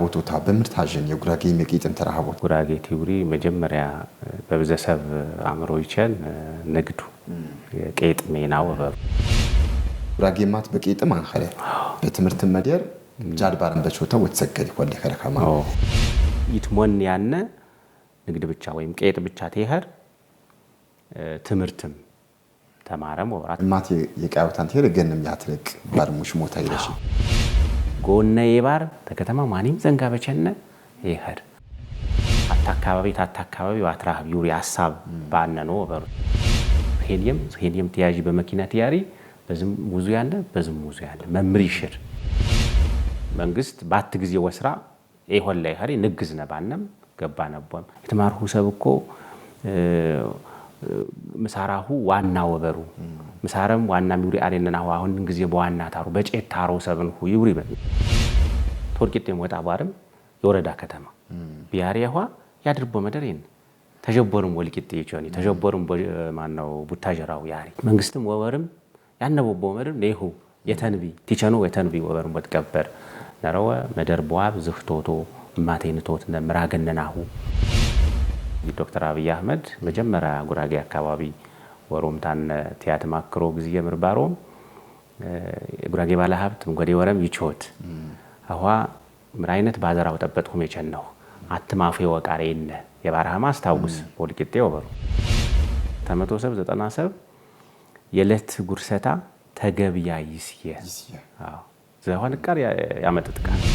ቦታ በምርታዥን የጉራጌ መቂጥን ተራሃቦት ጉራጌ ቲውሪ መጀመሪያ በብዘሰብ አእምሮ ይቸን ንግዱ የቄጥ ሜና ወበብ ጉራጌ ማት በቄጥም አንኸለ በትምህርት መደር ጃድባርን በቾታ ወተሰገድ ኮለ ከረከማ ይትሞን ያነ ንግድ ብቻ ወይም ቄጥ ብቻ ትሄር ትምህርትም ተማረም ወራት ማት የቃውታን ትሄር ገንም ያትልቅ ባድሙሽ ሞታ ይለሽ ጎነ የባር ተከተማ ማንም ዘንጋ በቸነ ይኸድ አታካባቢ ታታካባቢ አትራህብ ዩሪ ሀሳብ ነው ወበሩ ሄሊየም ሄሊየም ተያዥ በመኪና ትያሪ በዝም ውዙ ያለ በዝም ውዙ ያለ መምሪ ይሽር መንግስት ባት ጊዜ ወስራ ይሆን ላይ ሀሪ ንግዝ ነባነም ገባ ነቦም የተማርሁ ሰብ እኮ ምሳራሁ ዋና ወበሩ ምሳረም ዋና ሚውሪ አሬነና አሁን ጊዜ በዋና ታሩ በጨት ታሮ ሰብን ይውሪ በ ቶርቂት የሞጣ ባርም የወረዳ ከተማ ቢያሪያዋ ያድርቦ መደር ይን ተጀበሩም ወልቂጥ ይቾኒ ተጀበሩም ማነው ቡታጀራው ያሪ መንግስትም ወበርም ያነበቦ መድር ነይሁ የተንቢ ቲቸኖ የተንቢ ወበርም ወትቀበር ነረወ መደር በዋብ ዝፍቶቶ እማቴንቶት ምራገነናሁ ዶክተር አብይ አህመድ መጀመሪያ ጉራጌ አካባቢ ወሮምታን ቲያት ማክሮ ጊዜ ምርባሮም ጉራጌ ባለ ሀብት ንጎዴ ወረም ይችወት አዋ ምን አይነት ባዘራው ጠበጥ ሁሜቸን ነው አትማፉ ወቃሬ ይነ የባርሃማ አስታውስ ቦልቂጤ ወበሩ ተመቶ ሰብ ዘጠና ሰብ የዕለት ጉርሰታ ተገብያ ይስየ ዘሆን ቃር ያመጥጥቃል